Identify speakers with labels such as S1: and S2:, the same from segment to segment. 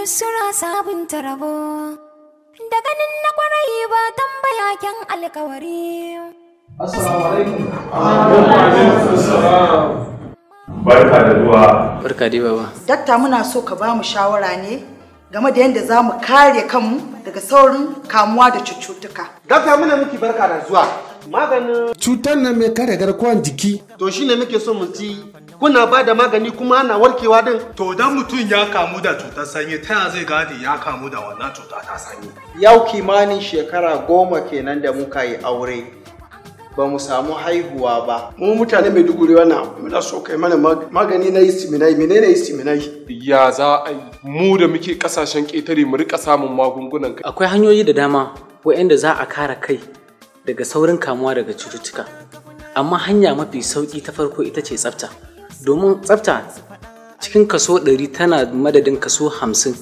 S1: yusura sabunta rabo da ganin na kwarai ba tambaya kyan alkawari assalamu
S2: alaikum barka da zuwa barka dai baba
S3: dakta muna so ka ba mu shawara ne game da yadda za mu kare kanmu daga saurin kamuwa da cututtuka dakta muna miki barka da
S4: zuwa maganin cutar nan mai kare garkuwar jiki to shi ne muke so mu ci
S5: kuna
S6: ba da magani kuma ana warkewa din to dan mutum ya kamu da
S5: cutar sanyi ta ya zai gane
S6: ya kamu da wannan cuta ta sanyi yau kimanin shekara goma kenan da muka yi aure ba mu samu haihuwa ba mu mutane mai duguri wannan muna so kai mana
S2: magani na istiminai menene istiminai
S4: ya za a mu da muke kasashen ketare
S2: mu rika samun magungunan kai akwai hanyoyi da dama waɗanda za a kara kai daga saurin kamuwa daga cututtuka amma hanya mafi sauƙi ta farko ita ce tsafta domin tsafta cikin kaso 100 tana madadin kaso 50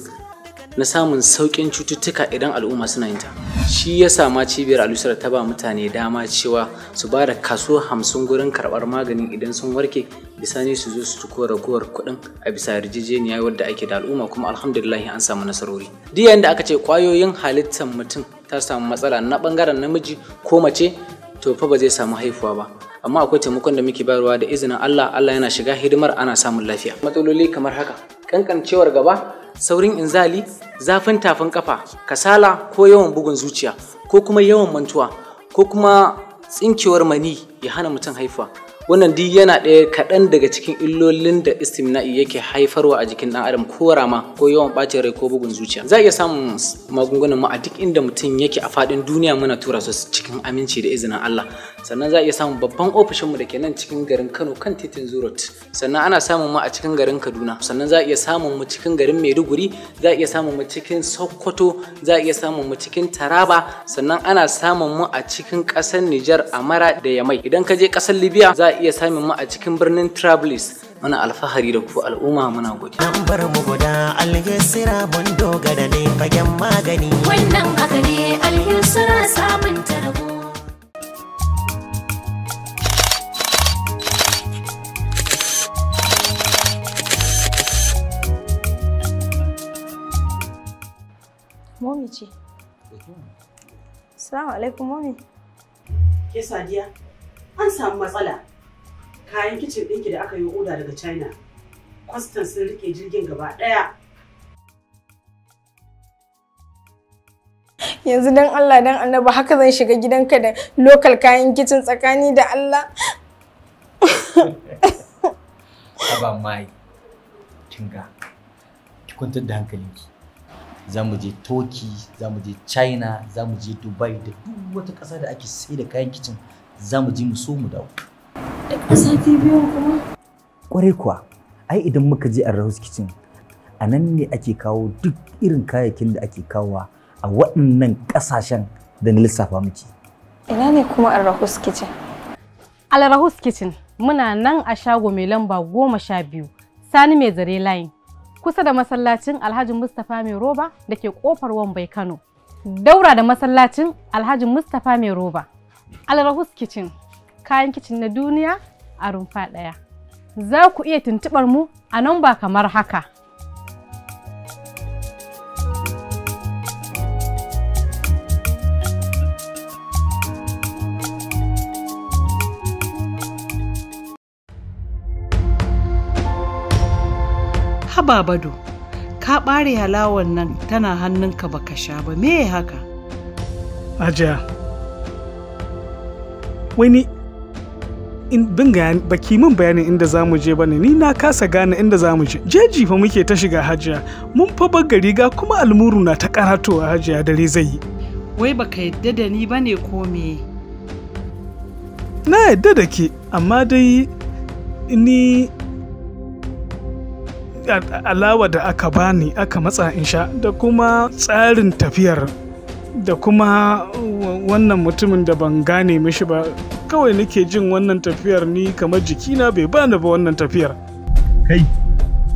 S2: na samun sauƙin cututtuka idan al'umma suna yin ta shi ya sama cibiyar alusar ta ba mutane dama cewa su ba da kaso 50 gurin karɓar maganin idan sun warke bisa ne su zo su tuko ragowar kuɗin a bisa yarjejeniya wadda ake da al'umma kuma alhamdulillah an samu nasarori duk yayin da aka ce ƙwayoyin halittar mutum ta samu matsala na ɓangaren namiji ko mace to fa ba zai samu haifuwa ba amma akwai taimakon da muke bayarwa da izinin Allah Allah yana shiga hidimar ana samun lafiya matsaloli kamar haka kankancewar gaba saurin inzali zafin tafin kafa kasala ko yawan bugun zuciya ko kuma yawan mantuwa ko kuma tsinkewar mani ya hana mutum haifuwa wannan duk yana ɗaya kaɗan daga cikin illolin da istimna'i yake haifarwa a jikin ɗan adam ko rama ko yawan ɓacin rai ko bugun zuciya za a iya samun magungunan mu a duk inda mutum yake a faɗin duniya muna tura su cikin aminci da izinin Allah sannan za a iya samun babban ofishinmu da ke nan cikin garin Kano kan titin Zurot sannan ana samun mu a cikin garin Kaduna sannan za a iya samun mu cikin garin Maiduguri za a iya samun mu cikin Sokoto za a iya samun mu cikin Taraba sannan ana samun mu a cikin ƙasar Nijar Amara da Yamai idan ka je ƙasar Libya za a iya samun mu a cikin birnin Trablis muna alfahari da ku al'umma muna gode. nan bar mu guda alhisira mun dogara ne fagen magani.
S3: Wannan haka ne alhisira samun tarbo. Momi ce. Salamu alaikum Momi. Ke Sadiya, an samu matsala. kayan kicin ɗinki da aka yi oda daga china kwastan sun rike jirgin gaba ɗaya yanzu don allah don annaba haka zan shiga gidanka da lokal kayan kicin tsakani da allah
S4: Aba mai tinga ki kwantar da hankalinki za mu je toki za mu je china za mu je dubai da duk wata ƙasa da ake sai da kayan kicin za mu je mu so mu dawo
S3: Duk kwa biyu kuma?
S4: Kwarai kuwa, ai idan muka je a Rose Kitchen, a nan ne ake kawo duk irin kayayyakin da ake kawowa a waɗannan ƙasashen da na lissafa miki.
S7: Ina ne
S3: kuma a Rahus Kitchen? Al Rahus Kitchen muna nan a shago mai lamba goma sha biyu, Sani mai zare line. kusa da masallacin Alhaji Mustapha Mai Roba da ke ƙofar Wambai Kano. Daura da masallacin Alhaji Mustapha Mai Roba. Rahus Kitchen. kayan kicin na duniya a rumfa ɗaya. Za ku iya tuntuɓar mu a nan ba kamar haka. Haba bado, ka ɓare halawar nan tana hannunka baka sha ba, me haka?
S8: Ajiya, wani baki min bayanin inda za mu je bane ni na kasa gane inda za mu je jeji fa muke ta shiga hajiya mun fa bar gari ga kuma almuru na ta a hajiya dare zai yi
S9: wai baka yadda da ni bane ko me
S8: na yadda da ke amma dai ni alawa da aka bani aka matsa in sha da kuma tsarin tafiyar da kuma wannan mutumin da ban gane mishi ba kawai nake jin wannan tafiyar ni kamar jikina bai bani ba wannan tafiyar
S6: kai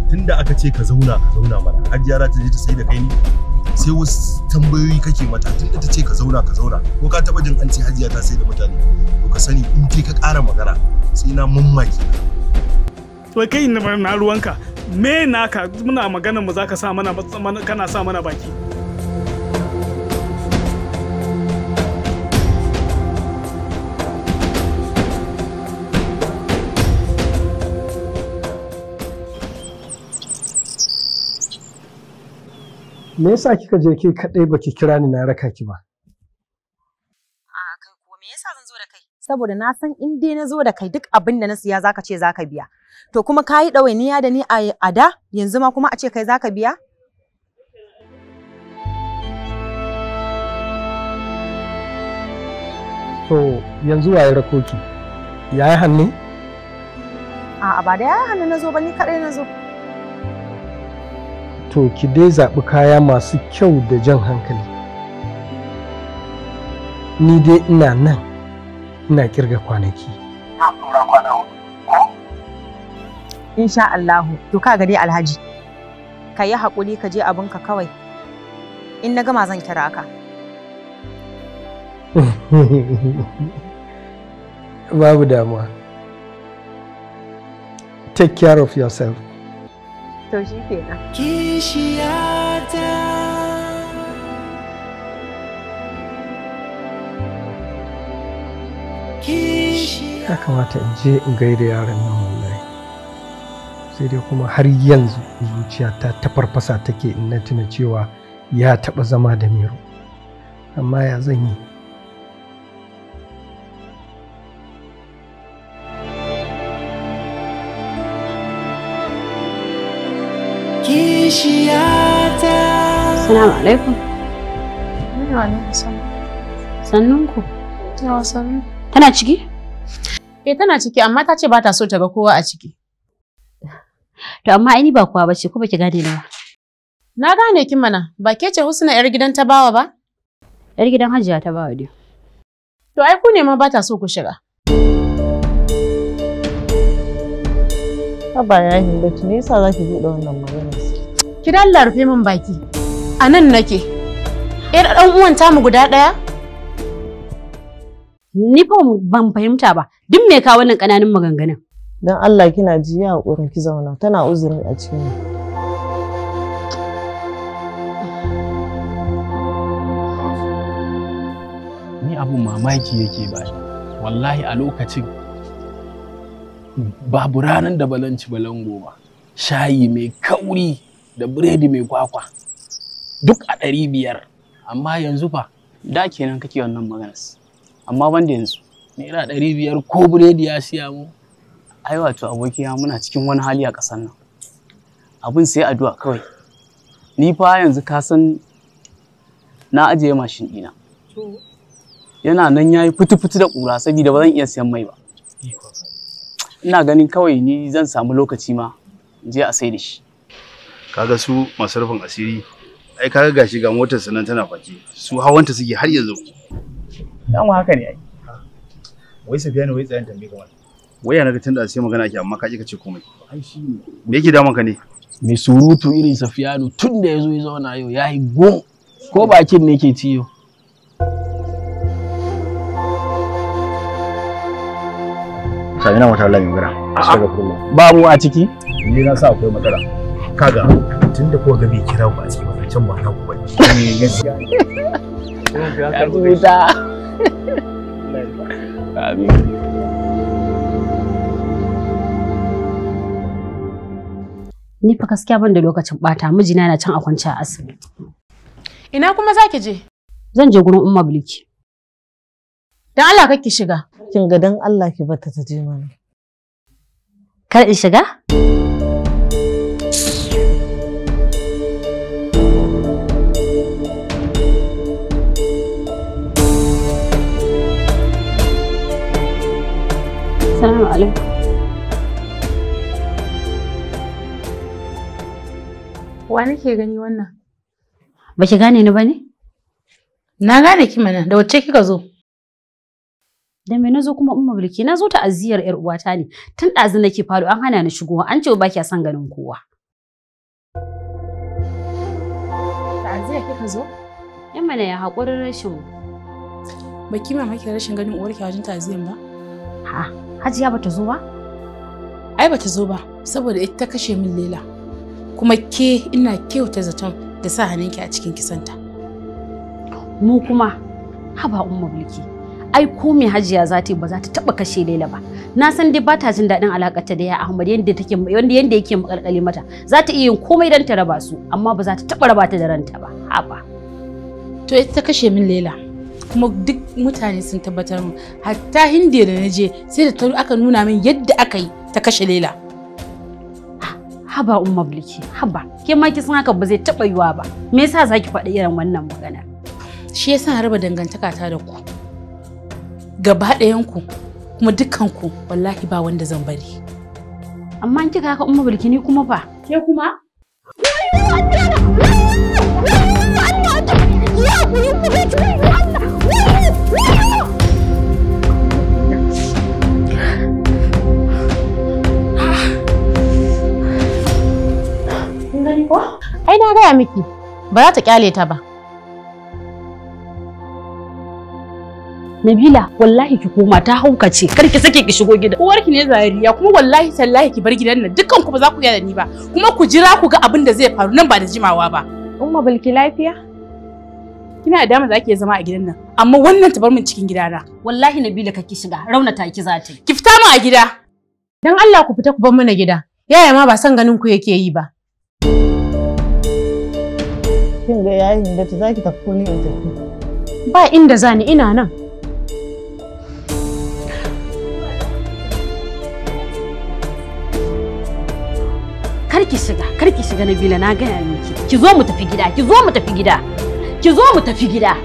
S6: tunda aka ce ka zauna ka zauna mana za ta je ta sai da kai ni sai wasu tambayoyi kake mata tunda ta ce ka zauna ka zauna ko ka taba jin an ce hajiya ta sai da mutane to ka sani in ka ƙara magana sai na mammaki
S8: to kai na ruwanka me naka muna magana mu zaka sa mana kana sa mana baki
S5: me yasa
S10: kika je ke kadai baki kira ni na raka ki ba a
S7: kai ko me yasa
S3: zan zo da kai saboda na san in dai na zo da kai duk abin da na siya zaka ce zaka biya to kuma ka yi ɗawainiya da ni a ada, yanzu ma kuma a ce kai zaka biya
S2: to
S10: yanzu waye rakoki yayi hannu
S3: a'a ba da yayi hannu na zo ba ni kadai na zo
S5: to ki dai zaɓi kaya masu kyau da jan hankali ni dai ina nan
S8: ina kirga kwanaki
S3: insha Allahu to ka gari alhaji ka yi haƙuri ka je abinka kawai in na gama zan kira ka
S9: babu damuwa take care of yourself to kamata
S10: in je in gaida yaran nan wallahi sai dai kuma har yanzu zuciyata ta farfasa take in na tuna cewa ya taɓa zama da miro, amma ya zan yi
S7: zuciyata Assalamu
S3: alaikum Sannunku Yawa sannu Tana ciki? Eh tana ciki amma ta ce ba ta so ta ga kowa a ciki To amma ai ni ba kowa bace ko ki gane ni ba Na gane ki mana ba ke ce Husna yar gidan ta bawa ba? Yar gidan Hajiya ta bawa dai To ai ku ne ma ba ta so ku shiga
S9: Haba yayin da ki nisa za ki buɗe wannan maganar
S3: ki dalla rufe min baki a nan nake yar dan uwan mu guda ɗaya? ni ban fahimta ba duk me kawo wannan kananan maganganun
S9: dan Allah kina ji ya hakurin ki zauna tana uzuri a cikin
S11: ni abu mamaki yake ba
S6: wallahi a lokacin babu ranar da balanci balango ba shayi mai kauri da biredi mai kwakwa duk
S11: a ɗari biyar amma yanzu fa da kenan kake wannan maganas. amma banda yanzu naira ɗari biyar ko biredi ya siya mu ai wato abokina muna cikin wani hali a ƙasar nan abin sai addu'a kawai ni fa yanzu ka san na ajiye mashin ɗina yana nan ya yi fitu-fitu da ƙura saboda ba zan iya siyan mai ba ina ganin kawai ni zan samu lokaci
S12: ma in je a sai da shi kaga su masu rufin asiri ai kaga gashi ga motar sanan tana fake su hawanta suke har yanzu dan haka ne ai wai Sufiyanu wai tsayan tambaye wani wai yana ga tunda sai magana ake amma ka ka ce komai ai shi me yake damun ka ne
S10: mai surutu
S12: irin Safiyanu tun da yazo ya zauna yau yayi go
S6: ko bakin ne ke ciyo
S10: Sami na wata lami gara.
S6: Ba mu a ciki? Ni na sa akwai matsala. kaga tun da kuka gabi kira ku a cikin wancan ba na ku ba ya
S12: huta
S3: ni fa gaskiya ban da lokacin bata mijina na can a kwance a asibiti ina kuma zaki je zan je gurin umma bilki dan Allah kake shiga kin ga dan Allah ki bata ta je mana kar in shiga Assalamu alaikum. Wa nake gani wannan? Ba ki gane ni ba ne? Na gane ki mana, da wacce kika zo? Da me nazo kuma umma bulki, na zo ta'aziyar yar uwata ne. Tun ɗazu nake falo an hana ni shigowa, an ce ba kiya son ganin kowa. Ta'aziyar kika zo? Yan mana ya haƙurin rashin. Ba ki mamaki rashin ganin uwarki a wajen ta'aziyar ba? Ha. Hajiya bata zo ba? Ai bata zo ba saboda ita ta kashe min Lela. Kuma ke ina kyauta zaton da sa hannunki a cikin kisanta. Mu kuma haba umma bulki. Ai ko me Hajiya za ta yi ba za ta taba kashe Lela ba. Na san dai ba ta jin daɗin ta da ya Ahmad yanda take yanda yanda yake makalkale mata. Za ta iya yin komai dan ta raba su amma ba za ta taba raba ta da ranta ba. Haba. To ita ta kashe min Lela. kuma duk mutane sun tabbatar mu hatta hindiya da je sai da aka nuna min yadda aka yi ta kashe lela ah, haba umma bliki haba ke ma kisan haka ba zai taba yiwa ba me yasa zaki faɗi irin wannan magana shi yasa raba dangantaka ta da ku gaba ku kuma dukkan ku wallahi ba wanda zan bari amma in kika haka umma bliki ni kuma fa ke kuma
S7: Ya yi
S3: Ai na gaya miki, ba za ta kyale ta ba. Nabila, wallahi ki koma ta hauka ce, kar ki sake ki shigo gida. Uwarki ne zariya, kuma wallahi tallahi ki bar gidan nan, dukkan ku ba za ku iya da ni ba. Kuma ku jira ku ga abin da zai faru nan ba da jimawa ba. Umma Bilki lafiya? kina da dama za ki zama a gidan nan amma wannan ta bar min cikin gidana wallahi nabila kake shiga raunata ki za ta ki fita mu a gida dan Allah ku fita ku bar mana gida yaya ma ba san ganin ku yake yi ba kin ga yayin
S9: da ta zaki tafi ko ni in tafi
S3: ba inda zani ina nan karki shiga karki shiga nabila na gaya miki ki zo mu tafi gida ki zo mu tafi gida ki zo mu tafi gida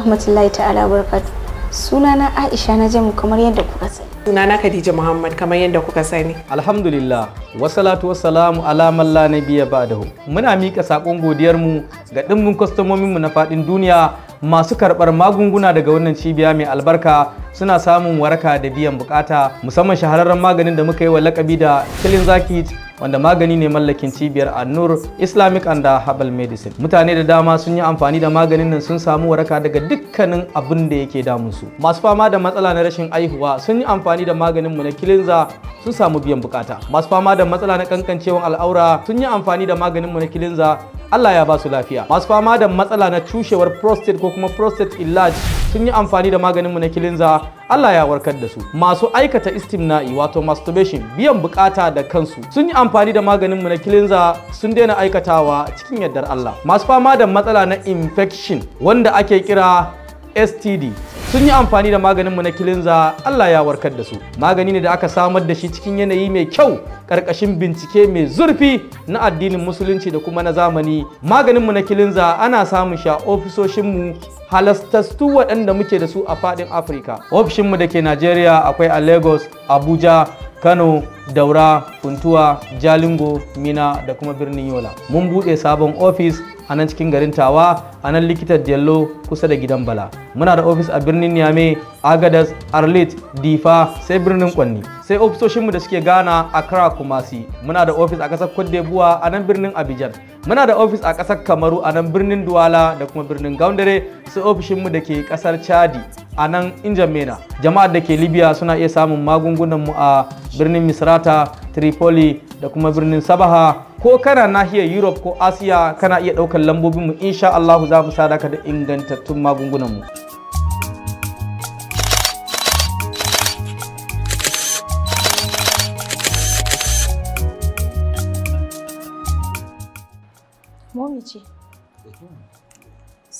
S3: rahmatullahi ta'ala barkatu. Sunana Aisha na jamu kamar
S5: yadda kuka sani. Sunana Khadija Muhammad kamar yadda kuka sani. Alhamdulillah, wasalatu wassalamu ala man la nabiyya ba'dahu. Muna mika sakon godiyar mu ga dimbin kwastomomin mu na fadin duniya masu karɓar magunguna daga wannan cibiya mai albarka suna samun waraka da biyan bukata musamman shahararren maganin da muka yi wa lakabi da killing zakit wanda magani ne mallakin cibiyar annur islamic and herbal medicine mutane da dama sun yi amfani da maganin nan sun samu waraka daga dukkanin abin da yake damun su masu fama da matsala na rashin aihuwa sun yi amfani da maganin mu na kilinza sun samu biyan bukata masu fama da matsala na kankancewan al'aura sun yi amfani da maganin mu na kilinza Allah ya ba su lafiya masu fama da matsala na cushewar prostate ko kuma prostate enlarge sun yi amfani da maganinmu na kilinza Allah ya warkar da su masu aikata istimna'i wato masturbation biyan bukata da kansu sun yi amfani da maganinmu na kilinza sun daina aikatawa cikin yardar Allah masu fama da matsala na infection wanda ake kira STD sun yi amfani da maganinmu na kilinza Allah ya warkar da su magani ne da aka samar da shi cikin yanayi mai kyau karkashin bincike mai zurfi na addinin musulunci da kuma na zamani maganinmu na kilinza ana samun shi a ofisoshinmu halastastu waɗanda muke da su a faɗin afirka ofishinmu da ke najeriya akwai a lagos abuja kano daura funtuwa jalingo mina da kuma birnin yola mun buɗe sabon ofis a nan cikin garin tawa a nan likitar jello kusa da gidan bala muna da ofis a birnin niamey agadas arlit difa sai birnin kwanni sai ofisoshinmu da suke a Accra, Kumasi. Muna da ofis a ƙasar Cote d'Ivoire a nan birnin Abidjan. Muna da ofis a ƙasar Kamaru a nan birnin Douala da kuma birnin Gaundare, sai ofishinmu da ke ƙasar Chadi a nan Injamena. Jama'ar da ke Libya suna iya samun magungunanmu a birnin Misrata, Tripoli da kuma birnin Sabaha. Ko kana nahiyar Europe ko Asiya kana iya ɗaukar lambobinmu insha Allahu za mu sadaka da ingantattun magungunanmu.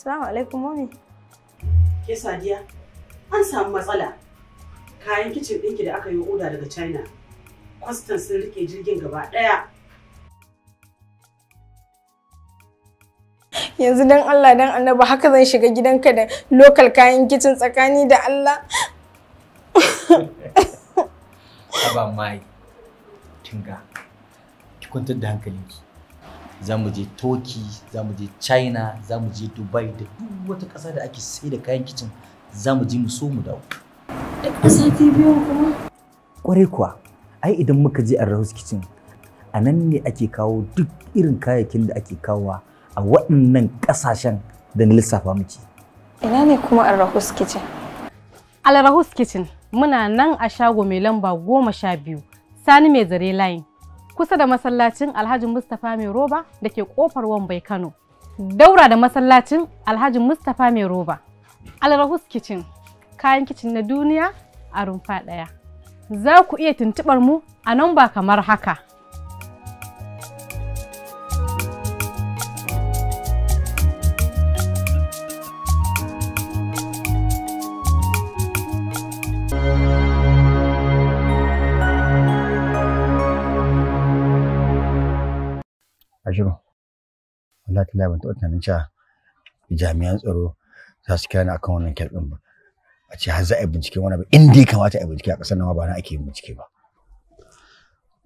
S3: Assalamu alaikum mami. Ke Sadiya, an samu matsala. Kayan kicin ɗinki da aka yi oda daga China, kwastan sun rike jirgin gaba ɗaya. Yanzu dan Allah dan Annabi haka zan shiga gidanka da lokal kayan kicin tsakani da Allah.
S4: Aba mai, Tinga. ki kwantar da hankalinki. za mu je turkey za mu je china za mu je dubai da duk wata ƙasa da ake sai da kayan kicin za mu je mu so mu dawo duk ƙasa ta biyu kuma ƙwarai kuwa ai idan muka je arahus kicin a nan ne ake kawo duk irin kayayyakin da ake kawowa a waɗannan ƙasashen da na lissafa miki
S3: ina ne kuma arahus kicin alrahus kicin muna nan a shago mai lamba goma sha biyu sani mai zare line kusa da masallacin Alhaji Mustapha Mai Roba da ke kofar Wambai Kano. Daura da masallacin Alhaji Mustapha Mai Roba. Alrahus Kitchen, kayan kicin na duniya a rumfa ɗaya. Za ku iya tuntuɓar mu a nan ba kamar haka.
S10: wallahi tallahi ban taɓa tunanin cewa jami'an tsaro za su kira ni akan wannan kyar ɗin ba a ce har za a yi binciken wani abu in dai kamata a yi bincike a ƙasar nan ba na ake yin bincike ba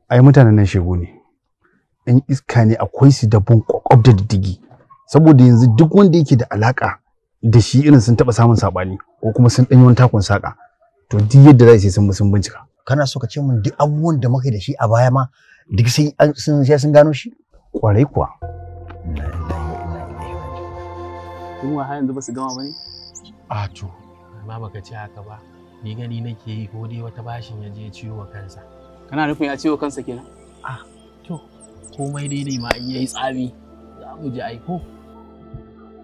S12: ai mutanen nan shego ne in iska ne akwai su da bun da diddigi saboda yanzu duk wanda yake da alaka
S10: da shi irin sun taɓa samun saɓani ko kuma sun ɗanyi wani takun saƙa to duk yadda za su sun sun bincika kana so ka ce mun duk abubuwan da muka da shi a baya ma duk sai sun gano shi kwarai kuwa
S11: kuma har yanzu ba su gama ba ne? A to, amma baka ci haka ba. Ni gani nake yi ko dai wata bashin ya je ciwo kansa. Kana nufin ya ciwo kansa kenan? A to, komai dai ma in yayi tsami za mu ai ko.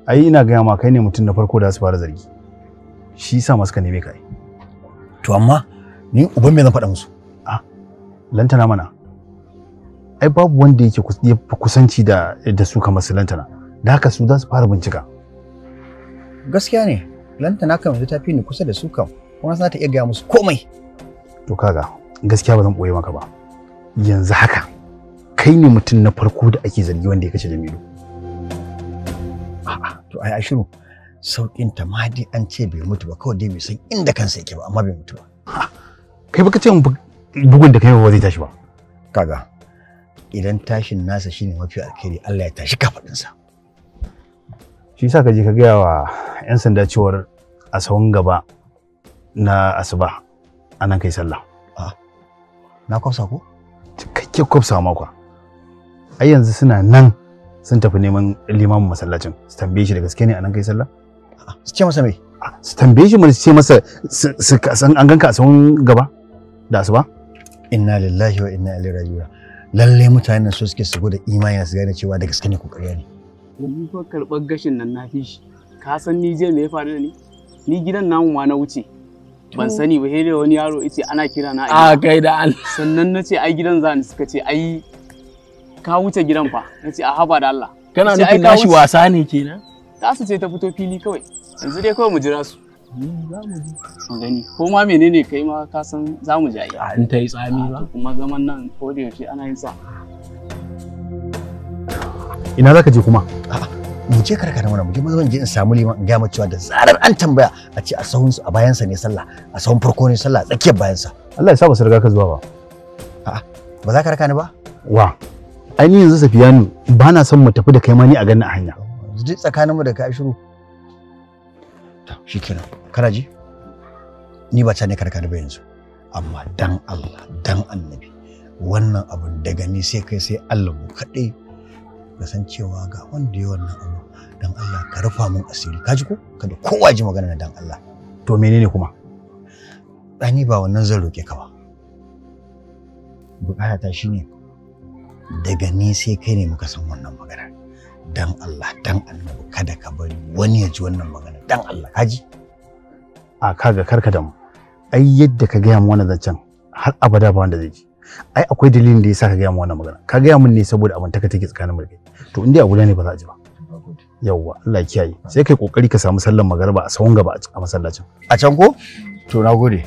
S12: Ai ina gaya ma kai ne mutum na farko da su fara zargi. Shi sa masu ka neme kai. To amma ni uban me zan faɗa musu? A lantana mana. Ai babu wanda yake kusanci da da su kamar su lantana. Da haka su za su fara bincika.
S10: gaskiya ne lantana kan yanzu ta ni kusa da su kan. kuma za ta iya gaya musu komai
S12: to kaga gaskiya ba zan boye maka ba yanzu haka kai ne
S10: mutum na farko da ake zargi wanda ya kace Jamilu a'a to ai ashiru saukin ta ma dai an ce bai mutu ba kawai dai bai san inda kansa yake ba amma bai mutu ba kai baka ce bugun da kai ba zai tashi ba kaga idan tashin nasa shine mafi alkhairi Allah ya tashi kafadinsa shi yasa ka je ka
S12: gaya wa 'yan sanda cewar a sahun gaba na asuba a nan kai sallah na kwafsa ko cikakke kwafsa makwa ai yanzu suna nan sun tafi neman limamin masallacin su tambaye shi da gaske ne a nan kai
S10: sallah su ce masa mai su tambaye shi mana ce masa su san an ganka a sahun gaba da asuba inna lillahi wa inna ilaihi raji'un lalle mutanen su suke su da imani su gane cewa da gaske ne ko ƙarya ne
S11: Ni fa karɓar gashin nan na fi shi. Ka san ni jiya me ya faru da ni? Ni gidan namu ma na wuce. Ban sani ba sai wani yaro yace ana kira na. A kai da Allah. Sannan na ce ai gidan za ni suka ce ai ka wuce gidan fa. Na ce a haba da Allah. Kana nufin nashi
S6: wasa ne kenan?
S11: su ce ta fito fili kawai. Yanzu dai kawai mu jira su. gani ko ma menene kai ma ka san za mu ji ai in ta yi tsami ba kuma zaman nan ko da yaushe ana yin sa
S10: ina zaka je kuma mu je karkara mana mu je mazan je in samu liman in gaya cewa da zarar an tambaya a ce a sahun a bayan sa ne sallah a sahun farko ne sallah a tsakiyar bayan sa Allah ya sa ba su ka zuwa ba a'a ba za ka raka ni ba wa ni yanzu Safiyanu ba na son mu tafi da kai ma ni a ganin a hanya duk tsakanin mu da ka shiru to shikenan kana ji ni ba ta ne karkari ba yanzu amma dan Allah dan annabi wannan abun daga ni sai kai sai Allah mu kaɗai ka san cewa ga wanda ya wannan abu dan Allah ka rufa mun asiri kaji ko kada kowa ji magana na dan Allah to menene kuma ɗani ba wannan zan roƙe ka ba bukata shine daga ni sai kai ne muka san wannan magana dan Allah dan annabi kada ka bari wani ya ji wannan magana dan Allah kaji a kaga karka da mu ai yadda ka
S12: gaya mu wannan zancen har abada ba wanda zai ji ai akwai dalilin da yasa ka gaya mu wannan magana ka gaya mun ne saboda abin taka take tsakanin mu da kai to in dai a ne ba za a ji ba yawwa Allah kiyaye sai kai kokari ka samu sallan magariba a sahun gaba a masallacin a can ko to na gode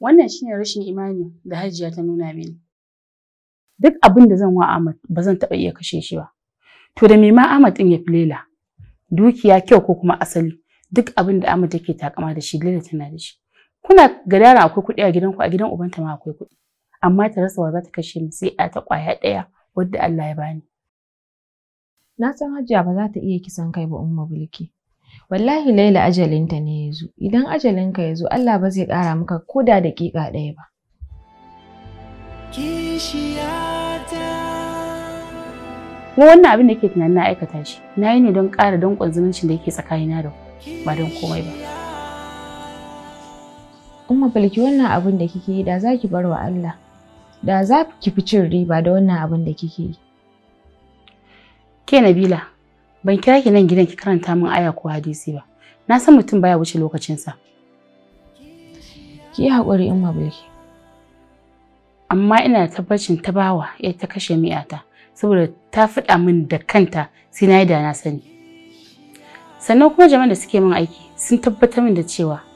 S3: wannan shine rashin imani da hajiya ta nuna mini duk abin da zan wa Ahmad ba zan taɓa iya kashe shi ba to da me ma Ahmad din ya fi dukiya kyau ko kuma asali duk abin da Ahmad take takama da shi lalle tana da shi kuna gadara akwai kuɗi a gidanku a gidan ubanta ma akwai kuɗi amma ta rasa wa za ta kashe ni sai a ta ƙwaya ɗaya wadda Allah ya bani na san hajiya ba za ta iya kisan kai ba umma bulki wallahi laila ajalinta ne ya zo idan ajalinka ya zo Allah ba zai ƙara maka ko da daƙiƙa ɗaya ba Mu wannan abin da ke tunanin na aikata shi na yi ne don ƙara danƙon zumuncin da yake tsakanina da ku ba don komai ba umma ki wannan abin da kike yi da za ki bar wa Allah da za ki fi cin riba da wannan abin da kike yi ke nabila ban kira ki nan gidan ki karanta min aya ko hadisi ba na san mutum baya wuce lokacinsa ki yi haƙuri umma bilki amma ina tabbacin ta bawa ya ta kashe mi'ata saboda ta faɗa min da kanta sai na yi da na sani sannan kuma jama'an da suke min aiki sun tabbatar min da cewa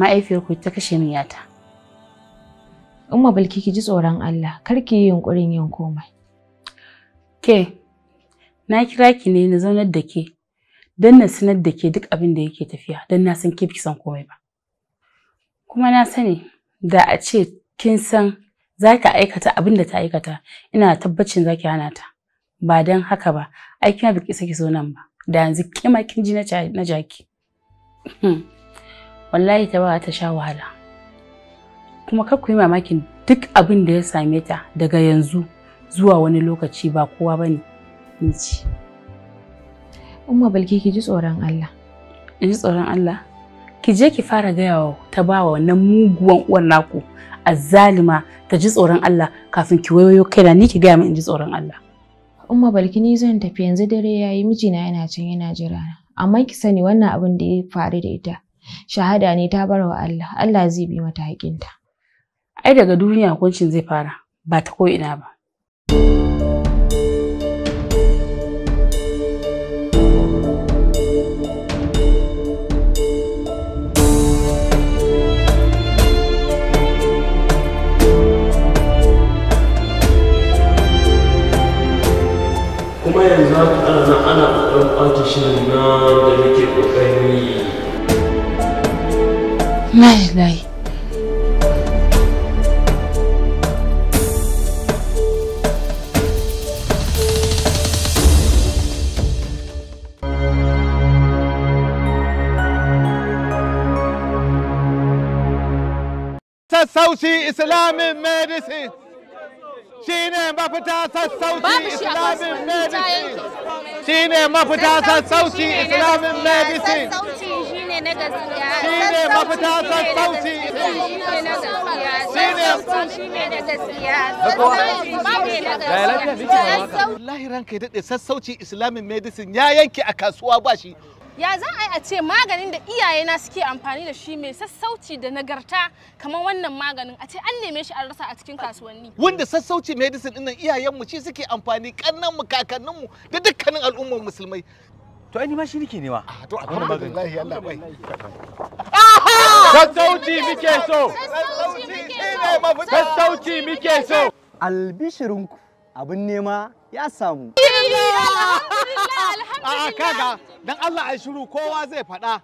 S3: mahaifiyarku ta kashe min yata. Umma Bilki ki ji tsoron Allah, kar ki yi yunkurin yin komai. Ke, na kira ki ne na zaunar da ke, don na sanar da ke duk abin da yake tafiya, don na san kifi san komai ba. Kuma na sani da a ce kin san za ka aikata abin da ta aikata, ina tabbacin za ki hana ta. Ba don haka ba, ai kima biki saki zo nan ba, da yanzu kima kin ji na jaki. Hmm. wallahi ta ba ta sha wahala kuma kar ku yi mamakin duk abin da ya same ta daga yanzu zuwa wani lokaci ba kowa ba ne umma balki ki ji tsoron Allah in ji tsoron Allah ki je ki fara gaya wa ta ba wa wannan muguwan uwar naku azzalima ta ji tsoron Allah kafin ki kai kaina ni ki gaya min in ji tsoron Allah umma balki ni zan tafi yanzu dare yayi mijina yana can yana jira amma ki sani wannan abin da ya faru da ita shahada ne ta bar wa Allah Allah zai bi mata haƙinta ai daga duniya kuncin zai fara ba ta ko ina ba
S6: kuma yanzu ana ana ƙoƙarin ɓata shirin na
S11: da muke ƙoƙarin yi
S7: Melej.
S5: sassauci islamin medicine shine mafita sassauci islamin medicine shine mafita sassauci islamin medicine
S3: na gaskiya shi ne mafita sassauci shi ne na gaskiya sassauci shi ne na gaskiya sassauci shi ne na gaskiya
S6: wallahi ranka ya sassauci islamic medicine ya yanke a kasuwa ba shi
S3: ya za a yi a ce maganin da iyayena suke amfani da shi mai sassauci da nagarta kamar wannan maganin a ce an neme shi an rasa a cikin kasuwanni
S6: wanda sassauci medicine dinnan iyayenmu shi suke amfani kannan mu kakanninmu da dukkanin al'ummar musulmai to ai ni ma shi nake nema to a kuma magani wallahi Allah bai sassauci muke so
S7: sassauci muke so
S4: albishirinku
S6: abin nema ya samu
S7: a'a kaga
S6: dan Allah ai shiru kowa zai faɗa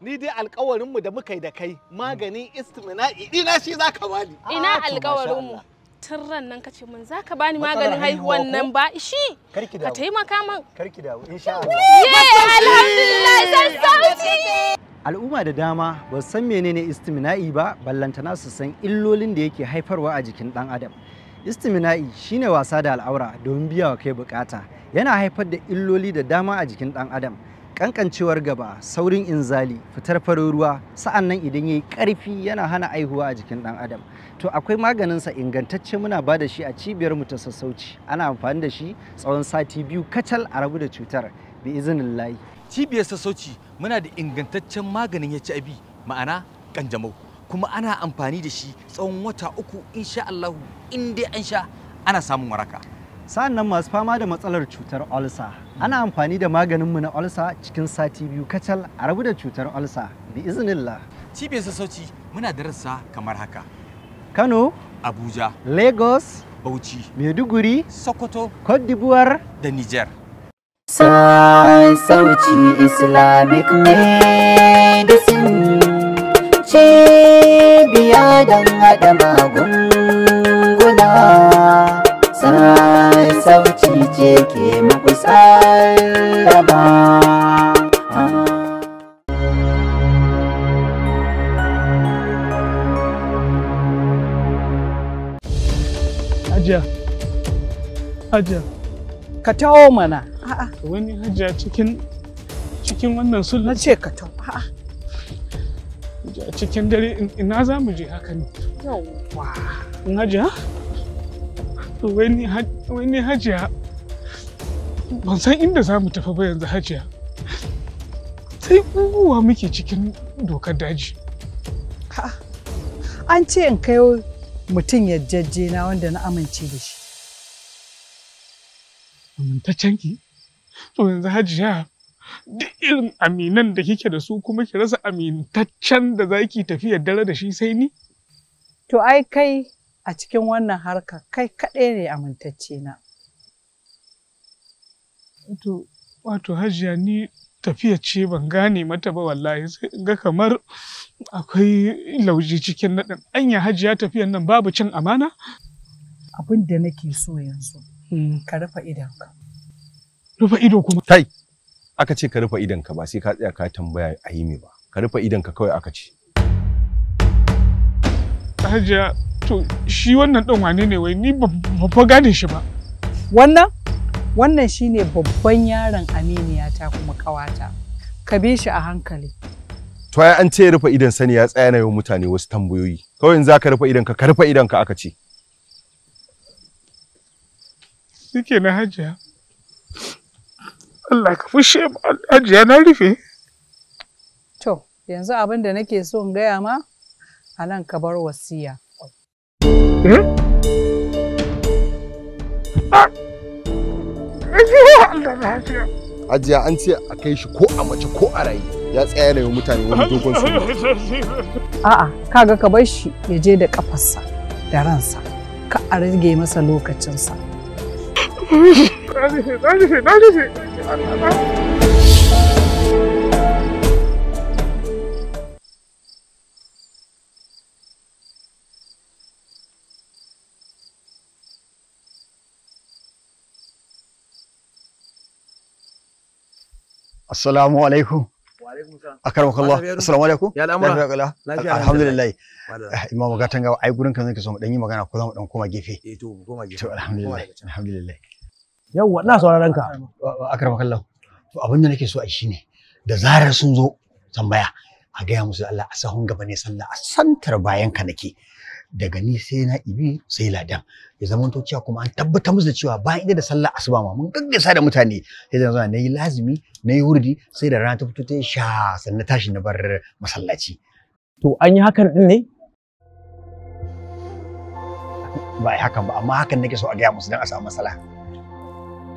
S6: ni dai alkawarinmu da muka yi da kai maganin istimina'i
S3: ina shi zaka bani ina ah, mu tun nan kace mun zaka bani maganin haihuwan nan ba shi ka taimaka min karki dawo insha Allah alhamdulillah san
S7: sauti
S4: al'umma da dama ba san menene istimina'i ba ballantana su san illolin da yake haifarwa a jikin dan adam istimina'i shine wasa da al'aura domin biya wa kai bukata yana haifar da illoli da dama a jikin dan adam kankancewar gaba saurin inzali fitar farin ruwa sa'an nan idan ya yi ƙarfi yana hana aihuwa a jikin ɗan adam to akwai maganinsa ingantacce muna ba da shi a cibiyar mu ta sassauci ana amfani da shi tsawon sati biyu kacal a rabu da cutar bi izinin layi cibiyar sassauci muna da ingantaccen maganin hiv ma'ana kanjamau kuma ana amfani da shi tsawon wata uku insha Allahu in dai an sha ana samun waraka sa'an nan masu fama da matsalar cutar olsa ana amfani da maganinmu na olsa cikin sati biyu kacal a rabu da cutar olsa bi iznillah cibiyar sassauci muna darasa kamar haka kano abuja lagos bauchi maiduguri sokoto cote d'ivoire da niger sassauci
S9: islamic medicine cibiya don haɗa magunguna sassauci ce ke maka tsaraba
S8: Hajiya, Hajiya. Ka taho mana. A'a. Wani Hajiya cikin cikin wannan sulhu. Na ce ka taho. A'a. Cikin dare ina za mu je haka ne.
S7: Yawwa.
S8: Hajiya? Wani Hajiya. ban san inda za mu tafi ba yanzu hajiya sai guguwa muke cikin dokar daji an ce in kai mutum yajjajje na wanda na amince da shi amintaccen ki to yanzu hajiya duk irin aminan da kike da su kuma ki rasa amintaccen da za ki tafi dare da shi sai ni
S3: to ai kai a cikin wannan harka kai kaɗai ne amintacce na
S8: To, wato hajiya ni tafiya ce ban gane mata ba wallahi sai in ga kamar akwai lauje cikin naɗin. Anya hajiya tafiyan nan babu cin amana? Abin da nake so yanzu, hmm. ka rufe idonka. Rufe ido
S12: kuma? Kai, aka ce ka rufe idonka ba sai ka tsaya ka tambaya a yi ba. Ka rufe idonka kawai aka ce.
S8: Hajiya, to shi wannan ɗan wane ne wai ni ba gane shi ba.
S3: Wannan? wannan shine babban yaron aminiyata kuma ƙawata ka bi shi a hankali
S12: to ai an ce rufe idan sani ya tsaya na yau mutane wasu tambayoyi kawai in za ka rufe idan ka ka rufe idan ka aka ce
S8: Suke na hajiya Allah ka fushe hajiya na rufe
S3: to yanzu abin da nake so in gaya ma a nan ka bar
S8: wasiya eh?
S12: ah. ajiya an ce a kai shi ko a mace ko a rayu ya tsaya da mutane wani dogon su
S3: a'a kaga ka bar shi ya je da kafarsa da ransa ka a rage masa lokacinsa
S10: Assalamu alaikum.
S9: akarwaka Allah assalamu alaikum ya al'amura lafiya alhamdulillah eh,
S10: imam gatan gawa ai gurin kan zan so mu dan yi magana ko za mu dan koma gefe eh to koma gefe to alhamdulillah alhamdulillah yawa ina sauraron ka akarwaka Allah to abin da nake so ai shine da zarar sun zo tambaya a gaya musu Allah a sahun gaba ne sallah a santar bayan ka nake daga ni sai na ibi sai ladan ya zama to cewa kuma an tabbatar musu da cewa bayan ida da sallah asuba ma mun gaggasa da mutane sai zan zauna nayi lazimi nayi wurdi sai da rana ta fito ta sha sannan tashi na bar masallaci to an yi hakan din ne
S6: ba ai hakan ba amma hakan nake so a gaya musu dan a samu matsala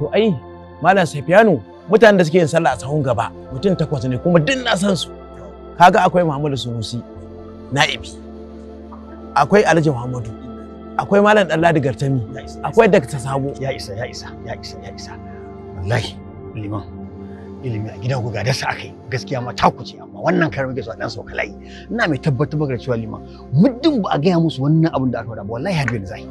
S6: to ai malam Safiyanu mutanen da suke yin sallah a sahun gaba mutum takwas ne kuma duk na san su kaga akwai Muhammadu Sunusi na'ibi akwai alhaji muhammadu akwai malam ɗanladi gartami akwai Dr. sabo ya isa ya isa ya isa ya isa wallahi liman
S10: ilimi a gidan ku ga dasa akai gaskiya ma taku ce amma wannan karamin muke dan sauka layi ina mai tabbatar maka da cewa liman muddin
S6: ba a gaya musu wannan abin da aka faɗa ba wallahi har yanzu zai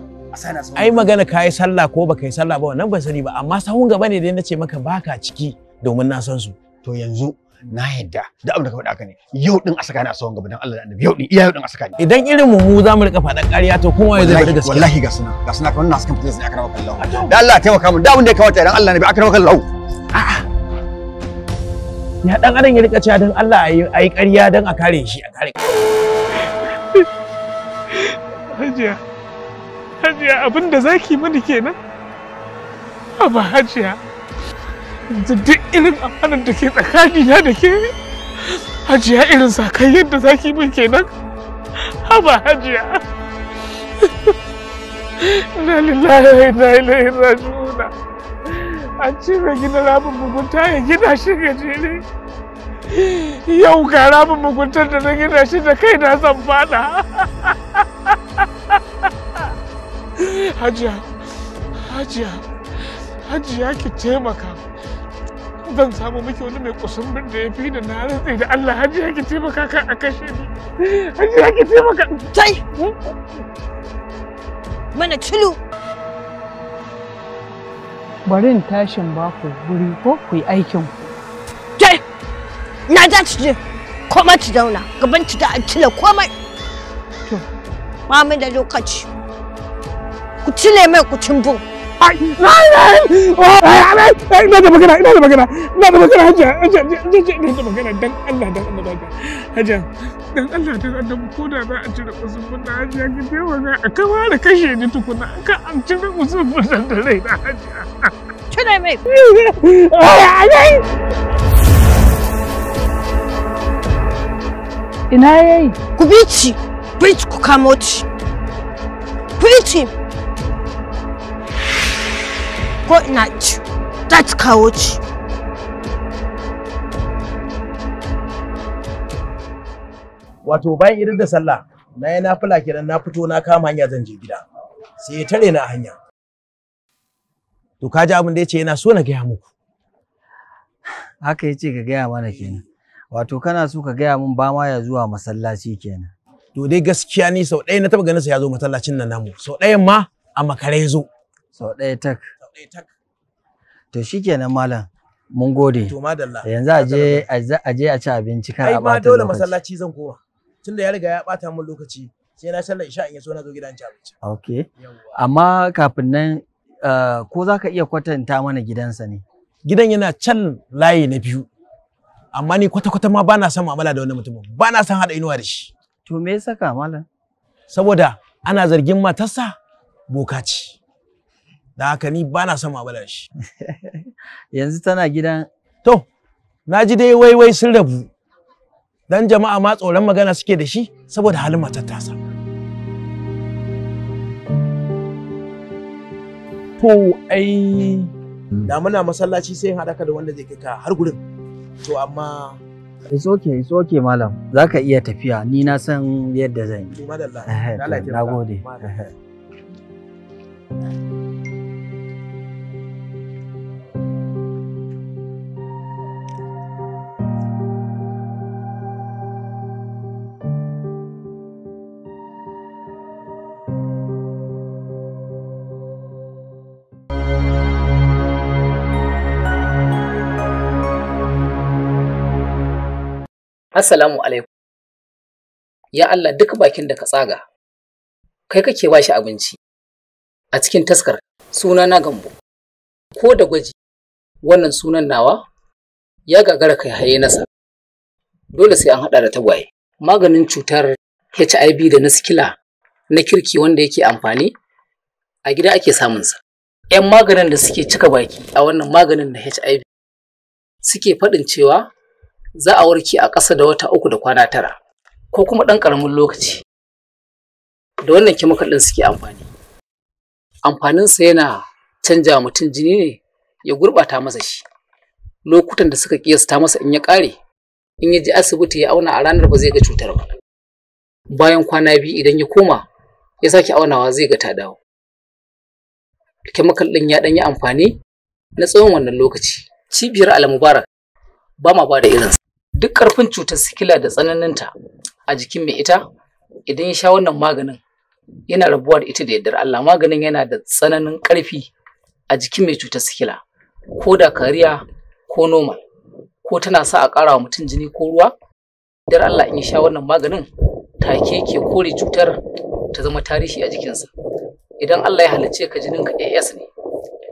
S6: ai magana ka yi sallah ko baka yi sallah ba wannan ban sani ba amma sahun gaba ne dai nace maka baka ciki domin na san su to yanzu na yadda da abin da ka faɗa ka ne yau din a saka ni a sawan gaba dan
S12: Allah da
S10: annabi yau din iya yau din a saka ni idan
S6: irin mu mu za mu rika faɗan ƙarya to kowa
S10: ya zai faɗi gaskiya wallahi ga
S6: suna ga suna kamar na suka fitar sai aka rawa kallon da Allah ya taimaka mun da abin da ya kamata idan Allah ne bai aka rawa kallon a'a ya dan adam ya rika cewa dan Allah ayi ayi ƙarya dan a kare shi a kare
S8: Hajiya Hajiya abin da zaki mini kenan Aba Hajiya ji duk irin amanar da ke tsakanina da ke hajiya irin sa Kai yadda zaki min kenan haba hajiya na lillahi na ilahi rajuna an cire gina rabin mugunta ya gina shi gajere yau ga rabin muguntar da na gina shi da kai na zan fada hajiya hajiya hajiya ki taimaka zan samu miki wani mai kusumbin da ya fi da na rantsi da Allah hajji ya ki taimaka kan a kashe ni hajji ya ki taimaka kai
S7: hmm? mana tulu.
S8: bari in tashin baku guri ko ku yi aikin ku kai
S3: na za ci je komai ci zauna gaban ci da cile komai to mai da lokaci
S7: ku cile mai ku cimbin ina da magana ina da magana ina da magana hajiya hajiya hajiya ina
S8: da magana dan Allah dan Allah dan Allah dan Allah ko da za a cire musulmin da hajiya ki taimaka a ni tukuna ka cire
S7: na mai
S2: ina ku
S3: ku ci
S9: ko ina ci
S3: za ki kawo ci
S6: wato bayan idan da sallah na yi nafila kenan na fito na kama hanya zan je gida sai ya tare na hanya to ji abin da ya ce yana so na gaya muku haka ya ce ka gaya mana kenan wato kana so ka gaya min ba ma ya zuwa masallaci kenan to dai gaskiya ni sau ɗaya na taɓa ganin sa ya zo masallacin nan namu sau ɗayan ma a makare zo sau ɗaya tak To shi kenan malam. Mun gode. To madalla. Yanzu
S4: a je a ci abinci kar a bata lokaci. Ai dole masallaci
S6: zan koma. da ya riga ya bata min lokaci. Sai na sallar isha in ya so na zo gidan ci abinci.
S4: Okay. Amma kafin nan eh, ko za
S6: ka iya kwatanta mana gidansa ne? Gidan yana can layi na biyu. Amma ni kwata-kwata ma bana son mu'amala da wani Ba Bana son haɗa inuwa da shi. To me ya saka malam? Saboda ana zargin matarsa boka ce. Da haka ni ba na son mu'amala shi. Yanzu tana gidan. To, na ji dai waiwai sun rabu. Dan jama'a ma tsoron magana suke da shi saboda halin matar tasa. To, ai, da muna masallaci sai in haɗa ka da wanda zai kai ka har gurin. To, amma
S4: It's okay, it's okay malam. Za ka iya tafiya, ni na san yadda zan
S10: yi. Eh, na gode.
S13: Assalamu alaikum. Ya Allah duk bakin da ka tsaga, kai kake ba shi abinci. A cikin taskar suna na gambo, ko da gwaji wannan sunan nawa ya gagara kai haye nasa. Dole sai an haɗa da tagwaye. Maganin cutar HIV da na sikila na kirki wanda yake amfani a gida ake samunsa. 'Yan maganin da suke cika baki a wannan maganin na HIV suke faɗin cewa za a warke a ƙasa da wata uku da kwana tara ko kuma ɗan ƙaramin lokaci da wannan kemikal ɗin suke amfani amfaninsa yana canja mutum jini ne ya gurɓata masa shi lokutan da suka kiyasta masa in ya ƙare in ya je asibiti ya auna a ranar ba zai ga cutar ba bayan kwana biyu idan ya koma ya sake aunawa zai ga ta dawo kemikal ɗin ya ɗan yi amfani na tsawon wannan lokaci cibiyar al-mubarak ba ma ba da irinsa duk ƙarfin cutar sikila da tsananinta a jikin mai ita idan ya sha wannan maganin yana rabuwa da ita da yaddar Allah maganin yana da tsananin ƙarfi a jikin mai cutar sikila ko da kariya ko normal ko tana sa a ƙara wa mutum jini ko ruwa yardar Allah in ya sha wannan maganin take ke kore cutar ta zama tarihi a jikinsa idan Allah ya halicce ka jinin ka AS ne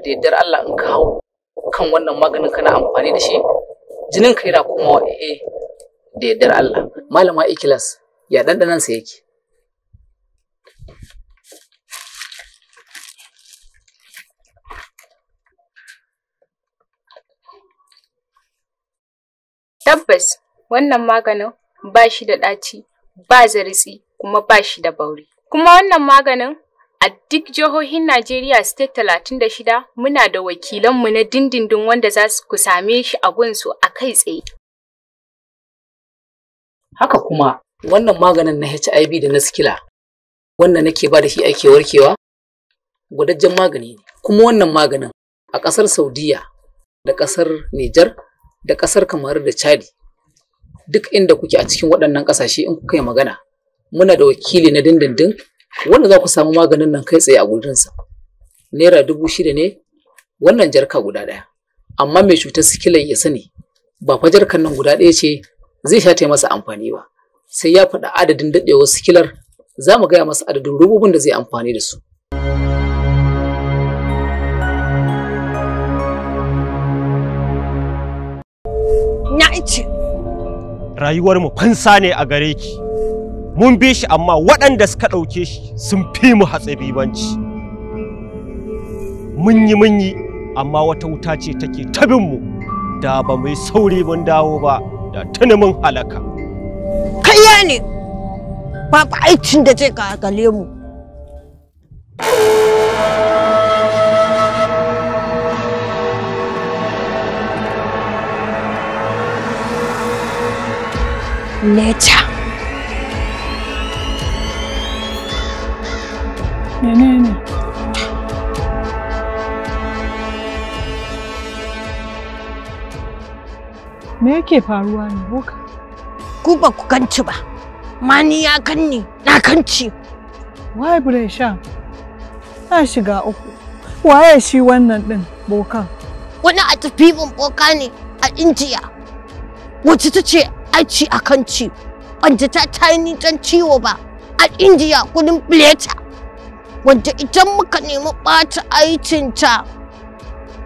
S13: da yaddar Allah in ka hau kan wannan maganin kana amfani da shi jinin ka yana wa eh da yardar Allah malama ikilas ya dandanan sa yake
S3: Tabbas wannan maganin ba shi da ɗaci, ba zaritsi kuma ba shi da bauri. Kuma wannan maganin A duk jihohin Najeriya State shida, muna da wakilanmu na dindindin wanda za ku same shi a gunsu a kai tsaye.
S13: Haka kuma wannan maganin na HIV da na sikila wannan nake ba da shi ake warkewa gwadajjen magani ne. Kuma wannan maganin a ƙasar Saudiya da ƙasar Nijar da ƙasar kamar da Chadi duk inda kuke a cikin waɗannan ƙasashe in kuka yi magana muna da wakili na dindindin wanda za ku samu maganin nan kai tsaye a gurinsa naira dubu shida ne wannan jarka guda ɗaya amma mai cutar sikilan ya sani ba fa jarkan nan guda ɗaya ce zai sha ta masa amfani ba sai ya faɗa adadin daɗewar sikilar za mu gaya masa adadin robobin da zai amfani da su
S6: Rayuwar mu fansa ne a gare ki. mun bi shi amma waɗanda suka ɗauke shi sun fi mu bibanci mun yi mun yi amma wata wuta ce take tabin mu da ba mai sauri mun dawo ba da tuni mun halaka
S7: kayya ne
S3: babu aikin da zai gagale mu
S7: Nature.
S8: menene me yake faruwa ne
S3: boka ku ba ku kanci ba mani ya kanni na kanci
S8: waye bresha na shiga uku waye shi wannan din bokan
S3: wani a mun boka ne a injiya wacce ta ce aci a kanci wacce ta ta yi nitan ciwo ba a injiya kudin pleta wanda idan muka nemi ɓata aicinta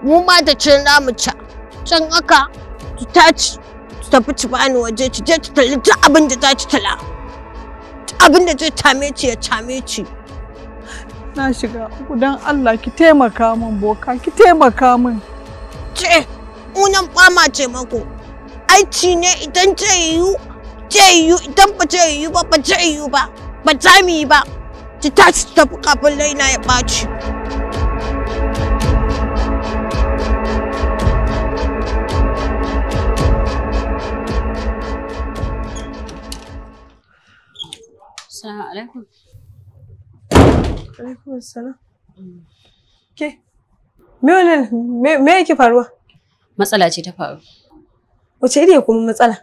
S3: mu ma da cin namu ca can haka ta taci tafi ci bani waje Ci je ta tali duk abin da za ci tala abin da zai tame ci ya tame ci
S8: na shiga ku dan Allah ki taimaka min boka ki taimaka min
S3: ce unan fama mako. Aici ne idan zai yiwu zai yiwu idan ba zai yiwu ba ba zai yiwu ba ba za mu yi ba
S7: ki touch tafi
S3: kafin laina ya patch Assalamu alaikum. Alaikum assalam. Ke, me wannan me yake faruwa? Matsala ce ta faru. Wace iri kuma matsala?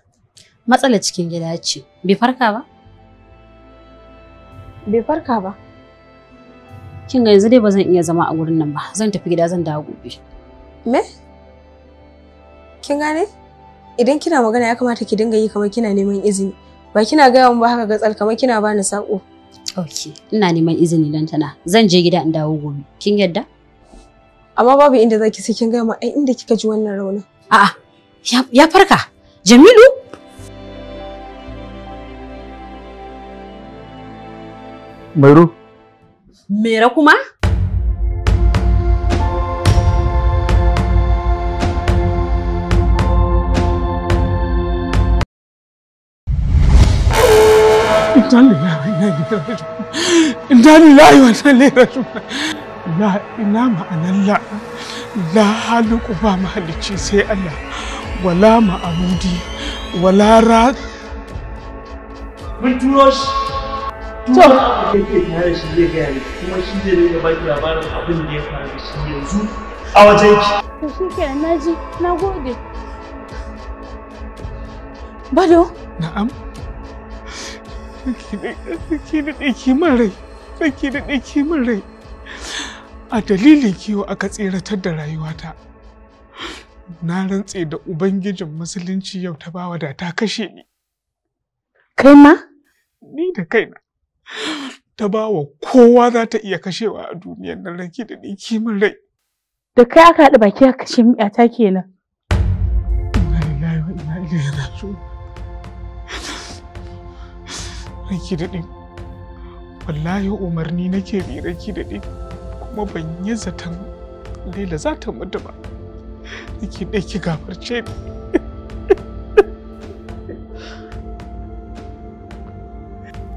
S3: Matsala cikin gida ce. Bai farka ba? bai farka ba kin ga yanzu dai ba zan iya zama a gurin nan ba zan tafi gida zan dawo gobe me kin gane idan kina magana ya kamata ki dinga yi kamar kina neman izini ba kina gaya min ba haka tsal kamar kina bani sako ok ina neman izini dan tana zan je gida in dawo gobe kin yadda amma babu inda zaki sai kin ga min ai inda kika ji wannan raunin a'a ya farka Jamilu Mairo. Mera kuma?
S8: Inna lillahi wa inna ilaihi raji'un. La ina ma'anar la la haliku ba mahalicci sai Allah wala ma'amudi wala ra. Mun turo shi. To. Ke
S6: ke tare shi zai gaya yanzu kuma shi zai rinka baki labarin abin da ya faru shi yanzu
S3: a wajen
S8: ki. To shi ke na ji na gode. Bado. Na'am. Ki daɗe ki min rai. Ki daɗe ki min rai. A dalilin kiwo aka tseratar da rayuwata. Na rantse da Ubangijin Musulunci yau ta bawa da ta kashe ni. Kai ma? Ni da kaina. ta ba wa kowa za ta iya kashewa a duniyar nan rake da ni kimin rai. Da kai
S3: aka haɗa baki aka kashe miyata kenan.
S8: Ina lillahi wa ina ilaihi raji'un. Rake da ni. Wallahi umarni nake bi rake da ni kuma ban yi zaton Laila za ta mutu ba. Nake ɗaya ki gafarce ni.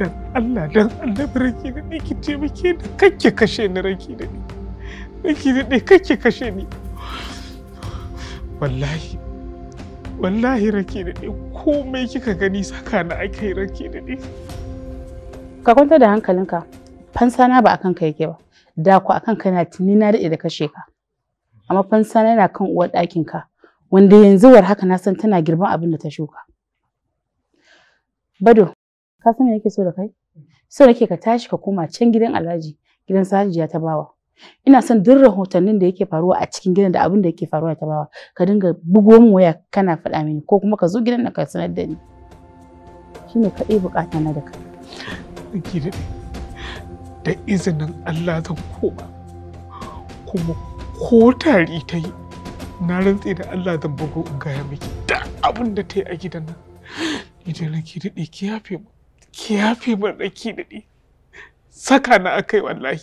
S8: dan Allah dan annabi rake da ki taimake ni kake kashe ni rake da ni rake da ni kake kashe ni wallahi wallahi rake da ni komai kika gani saka na aka yi rake da ni
S3: ka kwanta da hankalinka fansana ba akan ka yake ba da ku akan ka na tuni na daɗe da kashe ka amma fansana yana kan uwar ɗakin ka wanda yanzu war haka na san tana girban abin da ta shuka bado ka san me nake so da kai so nake ka tashi ka koma can gidan Alhaji gidan Sahajiya ta bawa ina son duk rahotannin da yake faruwa a cikin gidan da abin da yake faruwa ta bawa ka dinga bugo min waya kana faɗa mini ko kuma ka zo gidan na ka sanar da ni shine kaɗai bukata na da kai ki
S8: da izinin Allah zan koma kuma ko tari ta yi na rantse da Allah zan bugo in gaya miki da abin da ta yi a gidan nan idan nake daɗe ki yafe mu ki yafe min raki daɗi saka na akai wallahi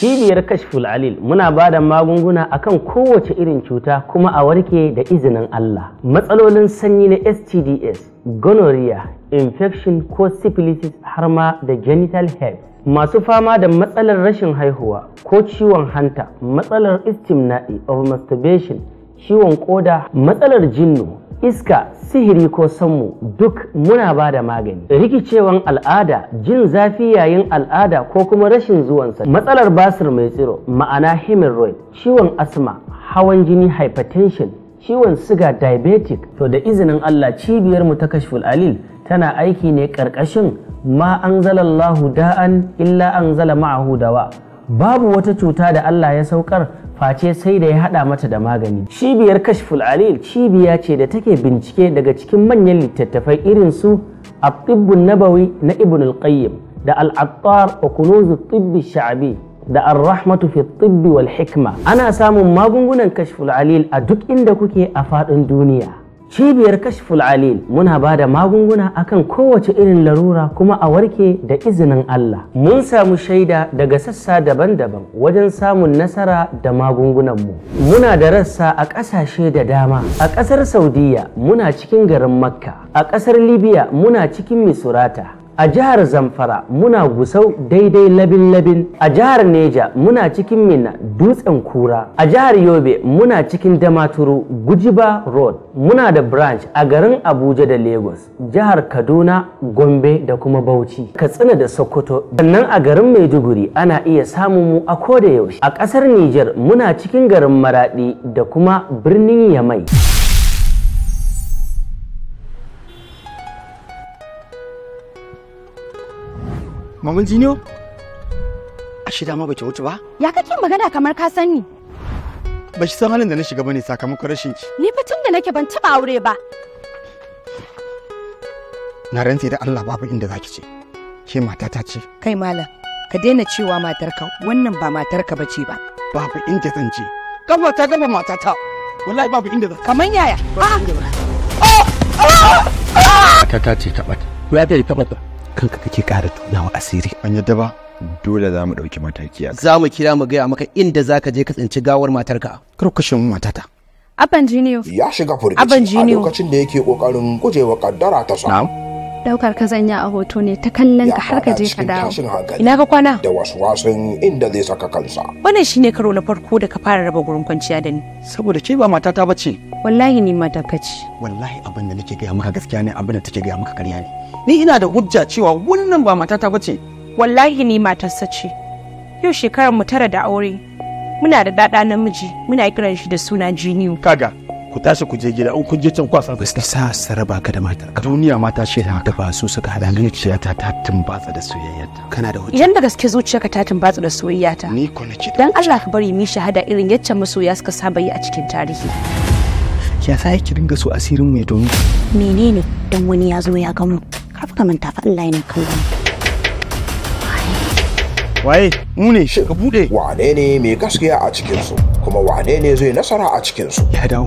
S1: cibiyar kashful alil muna ba da magunguna akan kowace irin cuta kuma a warke da izinin Allah matsalolin sanyi na STDs gonorrhea infection ko syphilis har ma da genital herpes masu fama da matsalar rashin haihuwa ko ciwon hanta matsalar istimna'i of masturbation ciwon koda matsalar jinnu iska sihiri ko sammu duk muna ba da magani rikicewan al'ada jin zafi yayin al'ada ko kuma rashin zuwansa matsalar basir mai tsiro ma'ana hemorrhoid ciwon asma hawan jini hypertension ciwon siga diabetic to da izinin Allah cibiyarmu ta kashful alil tana aiki ne ƙarƙashin ma an zalallahu da'an illa an zala ma'ahu dawa babu wata cuta da Allah ya saukar face sai da ya haɗa mata da magani cibiyar kashful alil cibiya ce da take bincike daga cikin manyan littattafai irin su abdibbun nabawi na ibn al-qayyim da al-attar wa kunuzu tibbi sha'abi da ar-rahmatu fi tibbi wal hikma ana samun magungunan kashful alil a duk inda kuke a faɗin duniya cibiyar kashful alil muna ba da magunguna akan kowace irin larura kuma a warke da izinin Allah mun samu shaida daga sassa daban-daban wajen samun nasara da magungunanmu muna da rassa a ƙasashe da dama a ƙasar saudiya muna cikin garin makka a ƙasar libya muna cikin misurata a jihar zamfara muna gusau daidai labin-labin a jihar neja muna cikin minna dutsen kura a jihar yobe muna cikin damaturu gujiba road muna da branch a garin abuja da lagos jihar kaduna gombe da kuma bauchi katsina da sokoto sannan a garin maiduguri ana iya samun mu a koda yaushe a ƙasar Nijar, muna cikin garin maradi da kuma birnin yamai Maman Jiniyo?
S10: A dama ma baki wuce ba?
S3: Ya kake magana kamar ka san ni.
S10: Ba shi san halin da na shiga bane sakamakon rashin ki.
S3: Ni fa tun da nake ban taba aure ba.
S10: Na rantse da Allah babu inda zaki ce. Ke matata ce.
S3: Kai malam, ka daina cewa matarka wannan ba matarka bace ba. Babu inda zan je. Kafa ta gaba ta Wallahi babu inda zan. Kaman yaya? A'a. Ah!
S1: Ah! Ah! Matata ce
S10: ta bata. ya Wai ta bata. kanka kake ƙara tunawa asiri an yadda ba dole za mu ɗauki
S6: mataki a za mu kira mu gaya maka inda za ka je ka tsinci gawar matarka kar kashe mu matata
S3: Aban Jiniyo. Ya shiga firgici a lokacin
S6: da yake kokarin gujewa kaddara ta sa.
S3: daukar ka zanya a hoto ne ta kallon ka har ka je ka dawo ina ka kwana da
S6: wasu wasan inda zai saka kansa
S3: wannan shine karo na farko da ka fara raba gurin kwanciya da ni saboda ke ba matata bace wallahi ni ma kace
S10: wallahi abin da nake gaya maka gaskiya ne abin da take gaya maka karya
S3: ne ni ina da hujja cewa wannan ba matata ba ce wallahi ni matarsa ce yau shekarar mu tara da aure muna da dada namiji muna kiran shi da suna jiniyu kaga
S12: ku tashi ku je gida in kun je can kwasa. ba su sa saraba ka da matar ka duniya mata ce da haka ba su suka hada ni ce ta ta tumbatsa da soyayyarta kana da hujja
S3: idan da gaske zuciyarka ta tumbatsa da soyayyata ni ko na ce dan Allah ka bari mu shahada irin yacce masoya suka saba yi a cikin tarihi
S10: ya sa yake dinga so asirin mai domin
S3: menene dan wani ya zo ya gamu kafa ka manta fa Allah yana kallon
S6: waye mu ne shi ka bude wane ne mai gaskiya a cikin su kuma wane ne zai nasara a cikin su ya dawo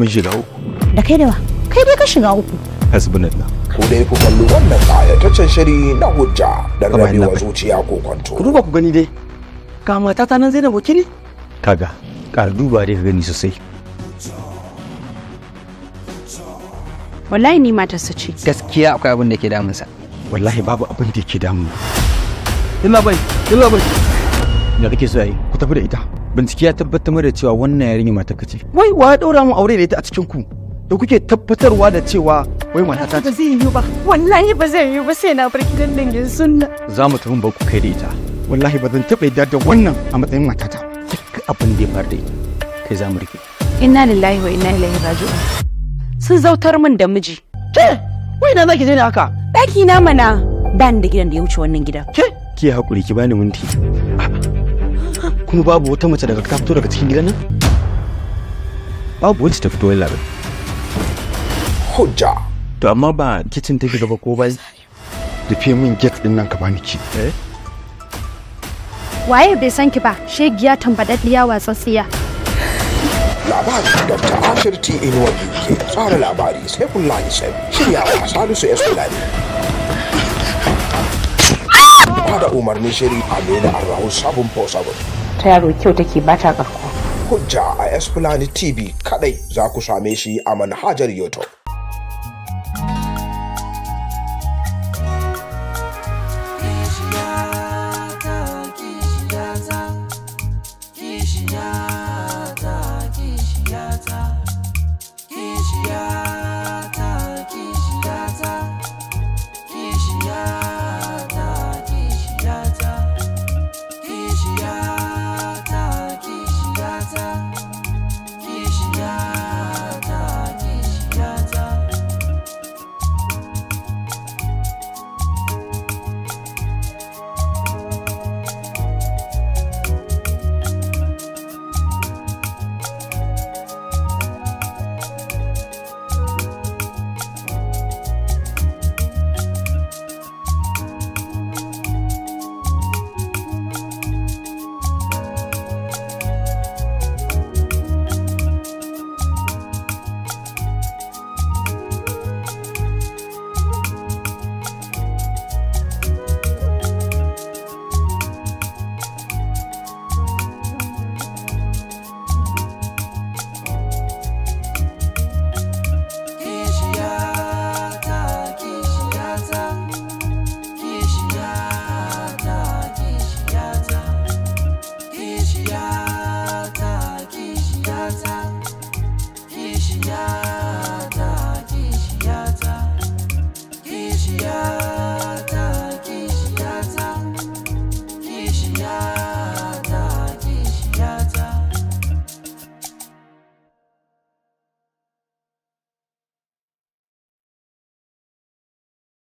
S6: mun shiga uku
S3: da kai dawa kai dai ka shiga uku
S6: hasbunallah ku dai ku kalli wannan ƙayataccen shiri na hujja da rabewa zuciya ko kwanto
S3: ku duba ku gani
S1: dai ga matata nan zainabu Wakili
S10: kaga ƙara duba dai ka gani sosai
S1: wallahi ni matarsa ce gaskiya
S4: akwai abin da ke damunsa wallahi babu abin da ke damun illa bai illa bai da kake so yayi ku tafi da ita bincike ya tabbatar da cewa wannan yarinya mata kace
S7: wai
S6: wa ya daura mu aure da ita a cikin ku da kuke tabbatarwa da cewa wai matata ba zai yi ba
S4: wallahi ba zai yi ba sai na bar dan dangin sunna
S10: za mu tafi ku kai da ita wallahi ba zan taba yadda da wannan a matsayin matata duk abin da ya faru da ita kai za mu rike
S3: inna lillahi wa inna ilaihi raji'un sun zautar min da miji. Ke, wai na zaki je ne haka? Ɗaki na mana ban da gidan da ya wuce wannan gidan. Ke,
S6: ki haƙuri ki bani minti. Kuma babu wata mace daga ta fito daga cikin gidan nan? Babu wacce ta fito wani Hujja. To amma ba kicin ta
S12: gaba ba ko ba? Rufe min get ɗin nan ka bani ki. Eh?
S3: Waye bai san ki ba, shegiya tambadaddiya watsatsiya.
S6: labari ta ashir t in wani ke tsara labari sai kulla shirya shiryawa salisu ya sulani da umarnin shiri a arrahu sabon po sabon
S3: ta yaro kyau take bata karko
S6: hujja a Esplanade tv kadai za ku same shi a manhajar youtube